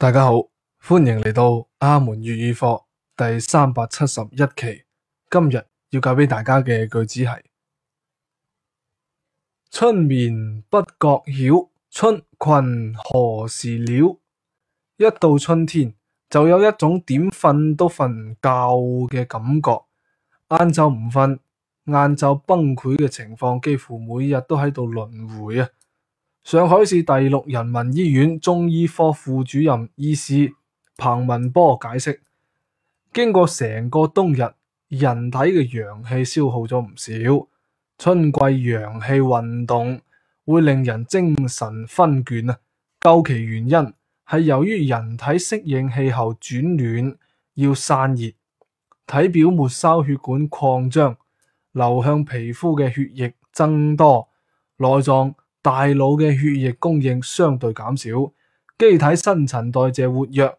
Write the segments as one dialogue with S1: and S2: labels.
S1: 大家好，歡迎嚟到阿門粵語課第三百七十一期。今日要教俾大家嘅句子係：春眠不覺曉，春困何時了？一到春天，就有一種點瞓都瞓唔夠嘅感覺。晏晝唔瞓，晏晝崩潰嘅情況幾乎每日都喺度輪回啊！上海市第六人民醫院中醫科副主任醫師彭文波解釋：經過成個冬日，人體嘅陽氣消耗咗唔少。春季陽氣運動會令人精神分倦啊。究其原因，係由於人體適應氣候轉暖，要散熱，體表末梢血管擴張，流向皮膚嘅血液增多，內臟。大腦嘅血液供應相對減少，機體新陳代謝活躍。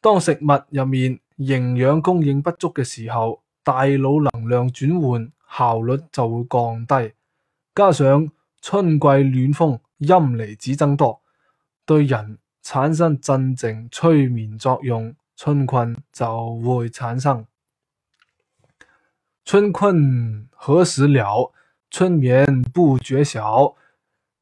S1: 當食物入面營養供應不足嘅時候，大腦能量轉換效率就會降低。加上春季暖風，陰離子增多，對人產生鎮靜催眠作用，春困就會產生。春困何時了？春眠不覺曉。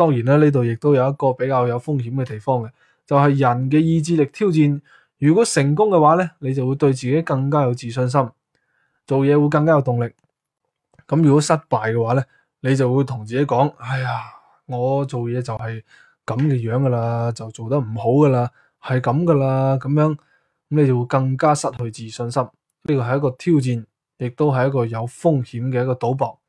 S1: 當然啦，呢度亦都有一個比較有風險嘅地方嘅，就係人嘅意志力挑戰。如果成功嘅話呢，你就會對自己更加有自信心，做嘢會更加有動力。咁如果失敗嘅話呢，你就會同自己講：哎呀，我做嘢就係咁嘅樣噶啦，就做得唔好噶啦，係咁噶啦，咁樣咁你就會更加失去自信心。呢個係一個挑戰，亦都係一個有風險嘅一個賭博。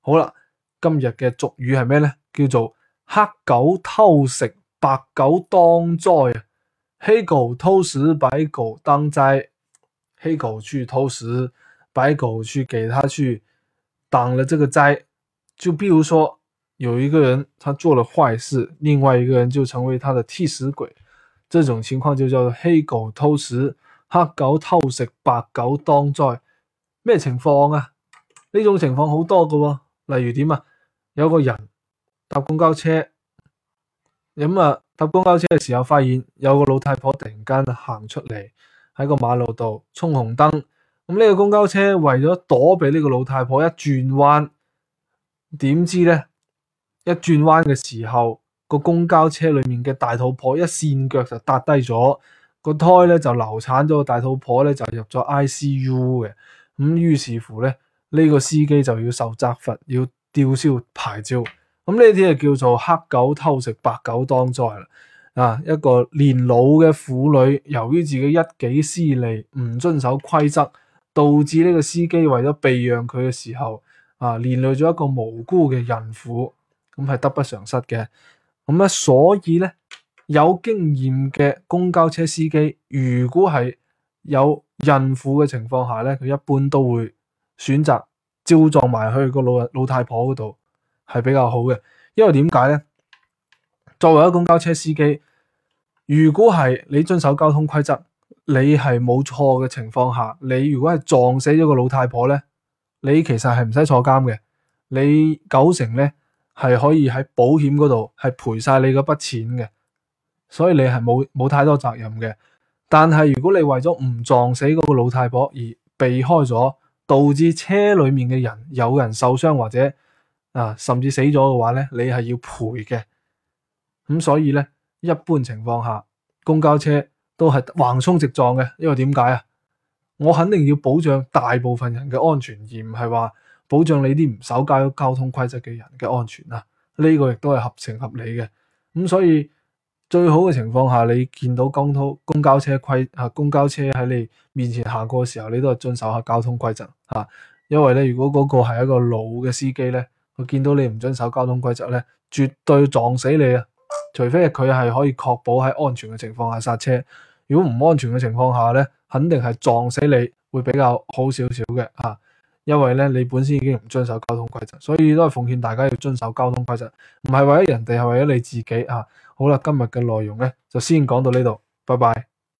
S1: 好啦，今日嘅俗語係咩呢？叫做黑狗偷食，白狗當災。黑狗偷食，白狗當災。黑狗去偷食，白狗去給他去擋了這個災。就比如說，有一個人他做了壞事，另外一個人就成為他的替死鬼。這種情況就叫做黑狗偷食，黑狗偷食，白狗當災。咩情況啊？呢種情況好多㗎，例如點啊？有個人。搭公交車，咁、嗯、啊，搭公交車嘅時候發現有個老太婆突然間行出嚟喺個馬路度衝紅燈，咁、嗯、呢、呢個公交車為咗躲避呢個老太婆，一轉彎，點知呢？一轉彎嘅時候個公交車裏面嘅大肚婆一跣腳就搭低咗個胎呢就流產咗，大肚婆呢就入咗 I C U 嘅，咁、嗯、於是乎呢，呢、呢個司機就要受責罰，要吊銷牌照。咁呢啲就叫做黑狗偷食，白狗當災啦！啊，一個年老嘅婦女，由於自己一己私利，唔遵守規則，導致呢個司機為咗避讓佢嘅時候，啊，連累咗一個無辜嘅孕婦，咁係得不償失嘅。咁咧，所以咧，有經驗嘅公交車司機，如果係有孕婦嘅情況下咧，佢一般都會選擇招撞埋去個老人老太婆嗰度。係比較好嘅，因為點解呢？作為一公交車司機，如果係你遵守交通規則，你係冇錯嘅情況下，你如果係撞死咗個老太婆呢，你其實係唔使坐監嘅，你九成呢係可以喺保險嗰度係賠晒你嗰筆錢嘅，所以你係冇冇太多責任嘅。但係如果你為咗唔撞死嗰個老太婆而避開咗，導致車裏面嘅人有人受傷或者，啊，甚至死咗嘅話呢，你係要賠嘅。咁、嗯、所以呢，一般情況下，公交車都係橫衝直撞嘅，因為點解啊？我肯定要保障大部分人嘅安全，而唔係話保障你啲唔守交交通規則嘅人嘅安全啦。呢、啊這個亦都係合情合理嘅。咁、嗯、所以最好嘅情況下，你見到交通公交車規公交車喺你面前行過嘅時候，你都係遵守下交通規則，啊、因為呢，如果嗰個係一個老嘅司機呢。我見到你唔遵守交通規則咧，絕對撞死你啊！除非佢係可以確保喺安全嘅情況下剎車，如果唔安全嘅情況下咧，肯定係撞死你會比較好少少嘅啊！因為咧你本身已經唔遵守交通規則，所以都係奉勸大家要遵守交通規則，唔係為咗人哋，係為咗你自己啊！好啦，今日嘅內容咧就先講到呢度，拜拜。